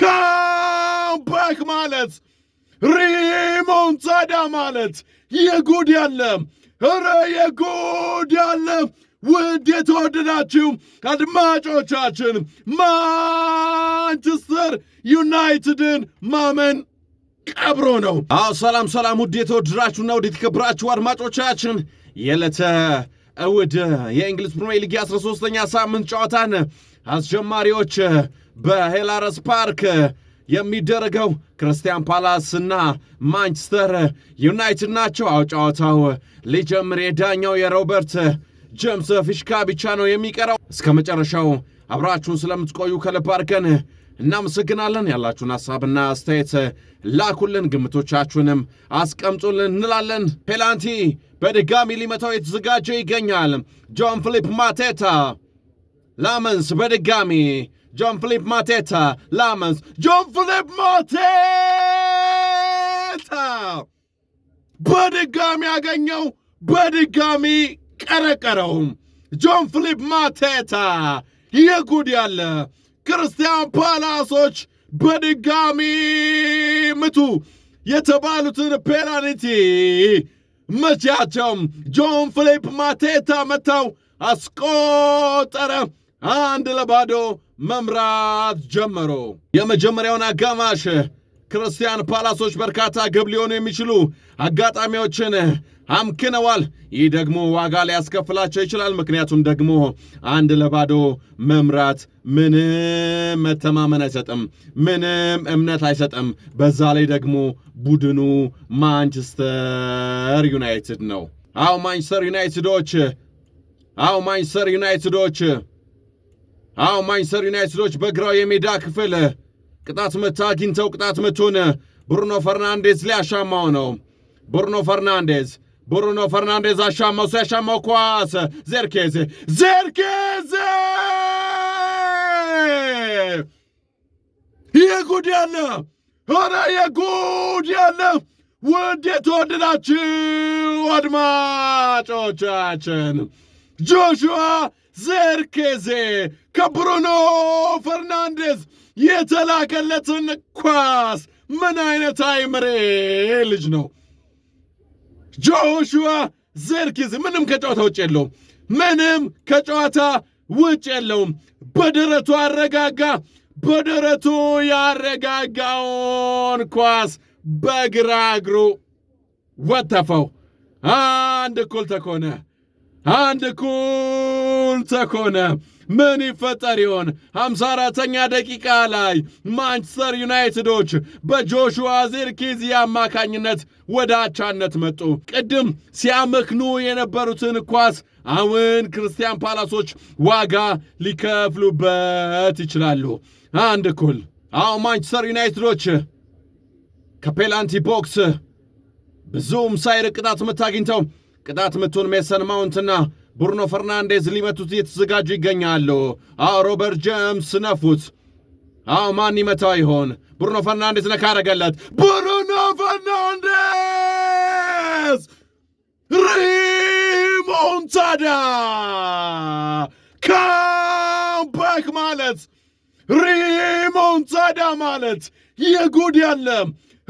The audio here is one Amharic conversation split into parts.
ካምባክ ማለት ሪሞንታዳ ማለት የጉድ ያለ ኧረ የጉድ ያለ ውድ የተወደዳችሁ አድማጮቻችን ማንቸስተር ዩናይትድን ማመን ቀብሮ ነው። አዎ ሰላም ሰላም፣ ውድ የተወደዳችሁና ውድ የተከበራችሁ አድማጮቻችን የዕለተ እሑድ የእንግሊዝ ፕሪሚየር ሊግ 13 ኛ ሳምንት ጨዋታን አስጀማሪዎች በሄላረስ ፓርክ የሚደረገው ክርስቲያን ፓላስ እና ማንቸስተር ዩናይትድ ናቸው። አው ጨዋታው ሊጀምር የዳኛው የሮበርት ጀምስ ፊሽካ ብቻ ነው የሚቀረው። እስከ መጨረሻው አብራችሁን ስለምትቆዩ ከልብ አድርገን እናመሰግናለን። ያላችሁን ሀሳብና አስተያየት ላኩልን፣ ግምቶቻችሁንም አስቀምጡልን እንላለን። ፔናልቲ በድጋሚ ሊመታው የተዘጋጀ ይገኛል። ጆን ፊሊፕ ማቴታ ላመንስ በድጋሚ John Philip Mateta, Lamans, John Philip Mateta በድጋሚ አገኘው፣ በድጋሚ ቀረቀረው ጆን ፊሊፕ ማቴታ የጉድ ያለ ክርስቲያን ፓላሶች በድጋሚ ምቱ የተባሉትን ፔናልቲ መቻቸው። ጆን ፊሊፕ ማቴታ መታው፣ አስቆጠረ። አንድ ለባዶ መምራት ጀመሩ። የመጀመሪያውን አጋማሽ ክርስቲያን ፓላሶች በርካታ ግብ ሊሆኑ የሚችሉ አጋጣሚዎችን አምክነዋል። ይህ ደግሞ ዋጋ ሊያስከፍላቸው ይችላል። ምክንያቱም ደግሞ አንድ ለባዶ መምራት ምንም መተማመን አይሰጥም፣ ምንም እምነት አይሰጥም። በዛ ላይ ደግሞ ቡድኑ ማንቸስተር ዩናይትድ ነው። አዎ ማንቸስተር ዩናይትዶች አዎ ማንቸስተር ዩናይትዶች አዎ ማንቸስተር ዩናይትዶች በግራው የሜዳ ክፍል ቅጣት ምት አግኝተው ቅጣት ምቱን ብሩኖ ፈርናንዴዝ ላይ አሻማው ነው። ብሩኖ ፈርናንዴዝ ብሩኖ ፈርናንዴዝ አሻማው ሲያሻማው ኳስ ዘርኬዝ ዘርኬዝ የጉድ ያለ ኧረ የጉድ ያለ ውድ የተወደዳችሁ አድማጮቻችን ጆሹዋ ዘርኬዜ ከብሩኖ ፈርናንዴዝ የተላከለትን ኳስ ምን አይነት አይምሬ ልጅ ነው ጆሹዋ ዘርኪዝ ምንም ከጨዋታ ውጭ የለውም። ምንም ከጨዋታ ውጭ የለውም። በደረቱ አረጋጋ። በደረቱ ያረጋጋውን ኳስ በግራ እግሩ ወተፈው። አንድ እኩል ተኮነ። አንድ እኩል ከሆነ ምን ይፈጠር ይሆን? 54ተኛ ደቂቃ ላይ ማንቸስተር ዩናይትዶች በጆሹዋ ዚርኪዚ አማካኝነት ወደ አቻነት መጡ። ቅድም ሲያመክኑ የነበሩትን ኳስ አሁን ክርስቲያን ፓላሶች ዋጋ ሊከፍሉበት ይችላሉ። አንድ እኩል። አዎ ማንቸስተር ዩናይትዶች ከፔናልቲ ቦክስ ብዙም ሳይርቅ ቅጣት ምት አግኝተው ቅጣት ምቱን ሜሰን ማውንትና ቡርኖ ፈርናንዴዝ ሊመቱት እየተዘጋጁ ይገኛሉ። አዎ ሮበርት ጀምስ ነፉት። አዎ ማን ይመታው ይሆን? ቡርኖ ፈርናንዴዝ ነካ ያረገለት። ቡርኖ ፈርናንዴዝ ሪሞንታዳ ካምባክ ማለት ሪሞንታዳ ማለት የጉድ ያለ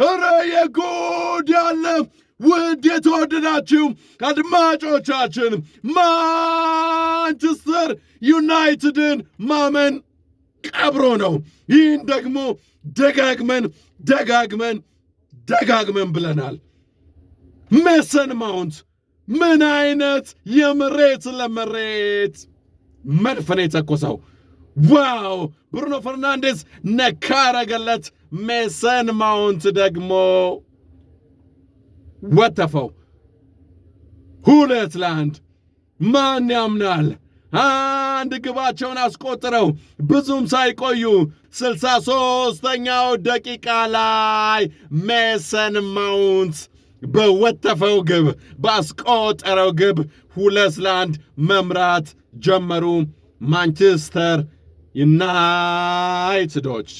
ኧረ የጉድ ያለም ውድ የተወደዳችሁ አድማጮቻችን ማንቸስተር ዩናይትድን ማመን ቀብሮ ነው። ይህን ደግሞ ደጋግመን ደጋግመን ደጋግመን ብለናል። ሜሰን ማውንት ምን አይነት የምሬት ለመሬት መድፍ የተኮሰው! ዋው! ብሩኖ ፈርናንዴስ ነካረገለት። አረገለት። ሜሰን ማውንት ደግሞ ወተፈው ሁለት ለአንድ ማን ያምናል? አንድ ግባቸውን አስቆጥረው ብዙም ሳይቆዩ ስልሳ ሦስተኛው ደቂቃ ላይ ሜሰን ማውንት በወተፈው ግብ ባስቆጠረው ግብ ሁለት ለአንድ መምራት ጀመሩ ማንቸስተር ዩናይትዶች።